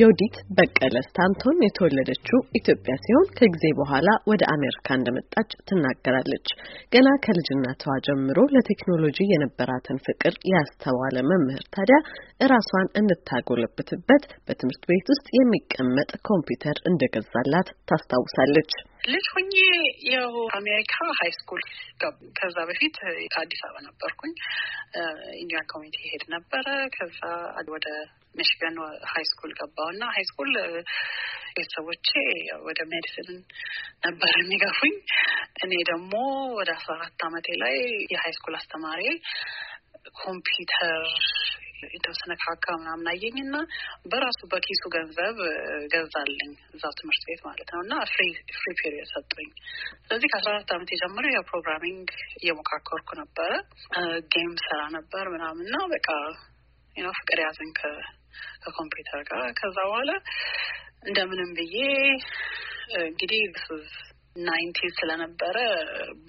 ዮዲት በቀለ ስታንቶን የተወለደችው ኢትዮጵያ ሲሆን ከጊዜ በኋላ ወደ አሜሪካ እንደመጣች ትናገራለች። ገና ከልጅነቷ ጀምሮ ለቴክኖሎጂ የነበራትን ፍቅር ያስተዋለ መምህር ታዲያ እራሷን እንድታጎለብትበት በትምህርት ቤት ውስጥ የሚቀመጥ ኮምፒውተር እንደገዛላት ታስታውሳለች። ልጅ ሁኜ ያው አሜሪካ ሀይ ስኩል ከዛ በፊት ከአዲስ አበባ ነበርኩኝ። እኛ ኮሚኒቲ ሄድ ነበረ። ከዛ ወደ ሚሽገን ሀይ ስኩል ገባው እና ሀይ ስኩል ቤተሰቦቼ ወደ ሜዲሲን ነበር የሚገፉኝ። እኔ ደግሞ ወደ አስራ አራት አመቴ ላይ የሀይ ስኩል አስተማሪ ኮምፒውተር ካካ ምናምን አየኝ እና በራሱ በኪሱ ገንዘብ ገዛልኝ እዛ ትምህርት ቤት ማለት ነው። እና ፍሪ ፔሪየድ ሰጡኝ። ስለዚህ ከአስራ አራት አመት የጀምሮ የፕሮግራሚንግ እየሞካከርኩ ነበረ። ጌም ሰራ ነበር ምናምን እና በቃ ነው ፍቅር ያዘኝ ከኮምፒውተር ጋር። ከዛ በኋላ እንደምንም ብዬ እንግዲህ ናይንቲ ስለነበረ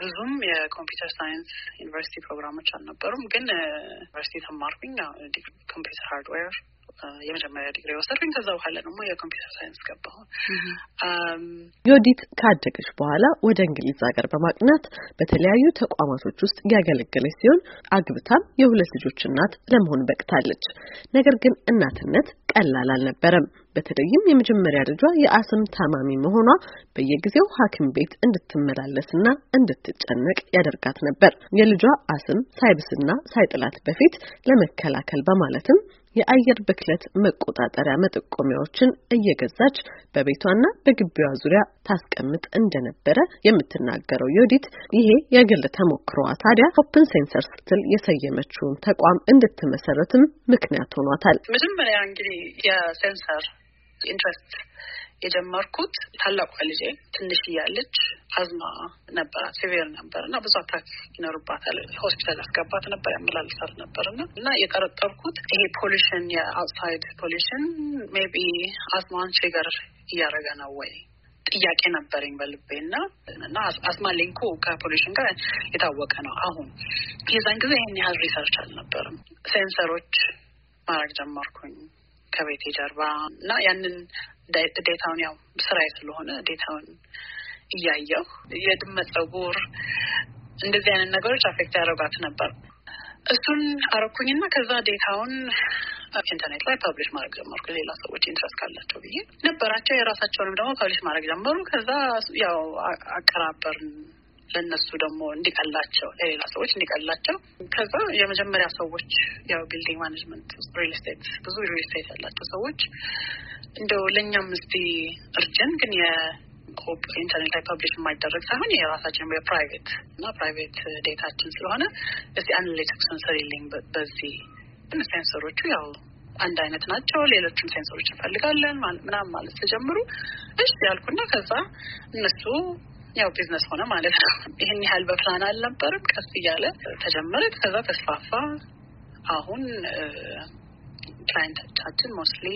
ብዙም የኮምፒውተር ሳይንስ ዩኒቨርሲቲ ፕሮግራሞች አልነበሩም። ግን uh, ዩኒቨርሲቲ ተማርኩኝ ኮምፒውተር ሃርድዌር የመጀመሪያ ዲግሪ ወሰድኩኝ። ከዛ በኋላ ደግሞ የኮምፒውተር ሳይንስ ገባሁን። ዮዲት ካደገች በኋላ ወደ እንግሊዝ ሀገር በማቅናት በተለያዩ ተቋማቶች ውስጥ ያገለገለች ሲሆን አግብታም የሁለት ልጆች እናት ለመሆን በቅታለች። ነገር ግን እናትነት ቀላል አልነበረም። በተለይም የመጀመሪያ ልጇ የአስም ታማሚ መሆኗ በየጊዜው ሐኪም ቤት እንድትመላለስና እንድትጨነቅ ያደርጋት ነበር። የልጇ አስም ሳይብስና ሳይጥላት በፊት ለመከላከል በማለትም የአየር ብክለት መቆጣጠሪያ መጠቆሚያዎችን እየገዛች በቤቷና በግቢዋ ዙሪያ ታስቀምጥ እንደነበረ የምትናገረው ዮዲት ይሄ የግል ተሞክሮዋ ታዲያ ኦፕን ሴንሰር ስትል የሰየመችውን ተቋም እንድትመሰረትም ምክንያት ሆኗታል። መጀመሪያ እንግዲህ የሴንሰር ኢንትረስት የጀመርኩት ታላቋ ልጄ ትንሽ እያለች አዝማ ነበራት፣ ሲቪር ነበር እና ብዙ አታክ ይኖርባታል። ሆስፒታል ያስገባት ነበር፣ ያመላልሳት ነበር እና እና የጠረጠርኩት ይሄ ፖሊሽን፣ የአውትሳይድ ፖሊሽን ሜይ ቢ አዝማዋን እያረገ እያደረገ ነው ወይ ጥያቄ ነበረኝ በልቤ እና እና አስማ ሊንኩ ከፖሊሽን ጋር የታወቀ ነው። አሁን የዛን ጊዜ ይህን ያህል ሪሰርች አልነበርም። ሴንሰሮች ማድረግ ጀመርኩኝ። ከቤቴ ጀርባ እና ያንን ዴታውን ያው ስራዬ ስለሆነ ዴታውን እያየው የድመት ጸጉር እንደዚህ አይነት ነገሮች አፌክት ያደረጓት ነበር። እሱን አረኩኝና ከዛ ዴታውን ኢንተርኔት ላይ ፐብሊሽ ማድረግ ጀመርኩ። ሌላ ሰዎች ኢንትረስት ካላቸው ብዬ ነበራቸው የራሳቸውንም ደግሞ ፐብሊሽ ማድረግ ጀመሩ። ከዛ ያው አቀራበርን ለእነሱ ደግሞ እንዲቀላቸው ለሌላ ሰዎች እንዲቀላቸው ከዛ የመጀመሪያ ሰዎች ያው ቢልዲንግ ማኔጅመንት ሪል ስቴት ብዙ ሪል ስቴት ያላቸው ሰዎች እንደው ለእኛም እስቲ እርጅን ግን የኮፕ ኢንተርኔት ላይ ፐብሊሽ የማይደረግ ሳይሆን የራሳችን የፕራይቬት እና ፕራይቬት ዴታችን ስለሆነ እስቲ አናሊቲክስ እንሰሪልኝ በዚህ ሴንሰሮቹ ያው አንድ አይነት ናቸው። ሌሎችም ሴንሰሮች እንፈልጋለን ምናም ማለት ተጀምሩ እሺ ያልኩና ከዛ እነሱ ያው ቢዝነስ ሆነ ማለት ነው። ይህን ያህል በፕላን አልነበርም። ቀስ እያለ ተጀመረ፣ ከዛ ተስፋፋ። አሁን ክላይንቶቻችን ሞስትሊ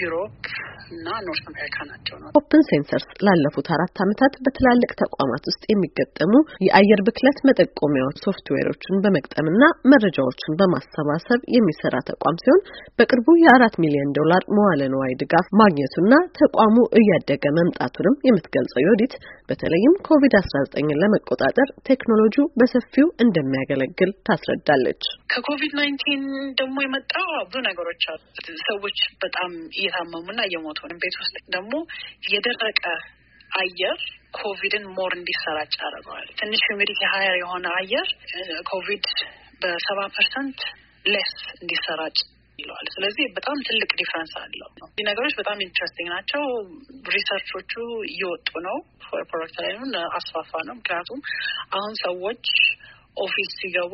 ዩሮፕ እና ኖርት አሜሪካ ናቸው ነው። ኦፕን ሴንሰርስ ላለፉት አራት ዓመታት በትላልቅ ተቋማት ውስጥ የሚገጠሙ የአየር ብክለት መጠቆሚያ ሶፍትዌሮችን በመግጠምና መረጃዎችን በማሰባሰብ የሚሰራ ተቋም ሲሆን በቅርቡ የአራት ሚሊዮን ዶላር መዋለ ንዋይ ድጋፍ ማግኘቱና ተቋሙ እያደገ መምጣቱንም የምትገልጸው ዮዲት በተለይም ኮቪድ አስራ ዘጠኝን ለመቆጣጠር ቴክኖሎጂው በሰፊው እንደሚያገለግል ታስረዳለች። ከኮቪድ ናይንቲን ደግሞ የመጣው ብዙ ነገር ነገሮች አሉ። ሰዎች በጣም እየታመሙ እየታመሙና እየሞቱ ነው። ቤት ውስጥ ደግሞ የደረቀ አየር ኮቪድን ሞር እንዲሰራጭ ያደርገዋል። ትንሽ ሁሚዲቲ ሀየር የሆነ አየር ኮቪድ በሰባ ፐርሰንት ሌስ እንዲሰራጭ ይለዋል። ስለዚህ በጣም ትልቅ ዲፍረንስ አለው። እዚህ ነገሮች በጣም ኢንትረስቲንግ ናቸው። ሪሰርቾቹ እየወጡ ነው። ፕሮዳክት ላይ አስፋፋ ነው። ምክንያቱም አሁን ሰዎች ኦፊስ ሲገቡ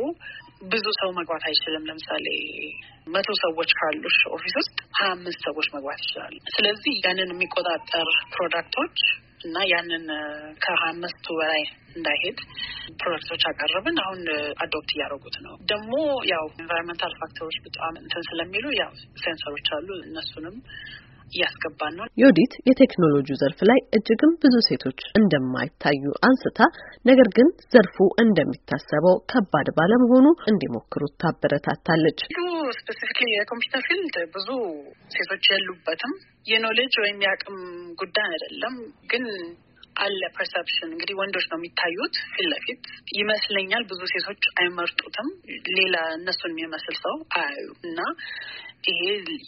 ብዙ ሰው መግባት አይችልም። ለምሳሌ መቶ ሰዎች ካሉሽ ኦፊስ ውስጥ ሀያ አምስት ሰዎች መግባት ይችላሉ። ስለዚህ ያንን የሚቆጣጠር ፕሮዳክቶች እና ያንን ከሀያ አምስቱ በላይ እንዳይሄድ ፕሮዳክቶች አቀረብን። አሁን አዶፕት እያደረጉት ነው። ደግሞ ያው ኢንቫይሮንመንታል ፋክተሮች በጣም እንትን ስለሚሉ ያው ሴንሰሮች አሉ እነሱንም እያስገባን ነው። ዮዲት የቴክኖሎጂ ዘርፍ ላይ እጅግም ብዙ ሴቶች እንደማይታዩ አንስታ፣ ነገር ግን ዘርፉ እንደሚታሰበው ከባድ ባለመሆኑ እንዲሞክሩት ታበረታታለች። ስፔሲፊክሊ የኮምፒውተር ፊልድ ብዙ ሴቶች የሉበትም የኖሌጅ ወይም የአቅም ጉዳይ አይደለም ግን አለ ፐርሰፕሽን። እንግዲህ ወንዶች ነው የሚታዩት ፊት ለፊት ይመስለኛል። ብዙ ሴቶች አይመርጡትም። ሌላ እነሱን የሚመስል ሰው አያዩ እና ይሄ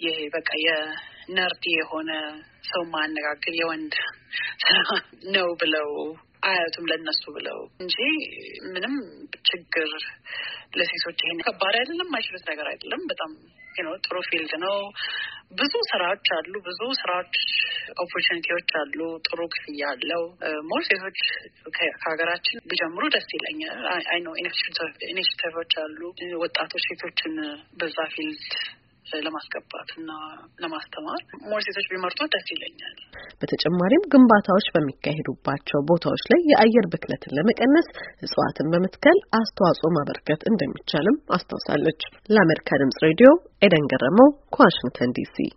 ይሄ በቃ የነርድ የሆነ ሰው ማነጋገር የወንድ ነው ብለው አያቱም ለነሱ ብለው እንጂ ምንም ችግር ለሴቶች ይሄን ከባድ አይደለም፣ ማይችሉት ነገር አይደለም። በጣም ጥሩ ፊልድ ነው። ብዙ ስራዎች አሉ፣ ብዙ ስራዎች ኦፖርቹኒቲዎች አሉ። ጥሩ ክፍያ አለው። ሞር ሴቶች ከሀገራችን ቢጀምሩ ደስ ይለኛል። አይ ነው ኢኒሽቲቮች አሉ። ወጣቶች ሴቶችን በዛ ፊልድ ለማስገባት እና ለማስተማር ሞር ሴቶች ቢመርጡ ደስ ይለኛል። በተጨማሪም ግንባታዎች በሚካሄዱባቸው ቦታዎች ላይ የአየር ብክለትን ለመቀነስ እጽዋትን በመትከል አስተዋጽኦ ማበርከት እንደሚቻልም አስታውሳለች። ለአሜሪካ ድምጽ ሬዲዮ ኤደን ገረመው ከዋሽንግተን ዲሲ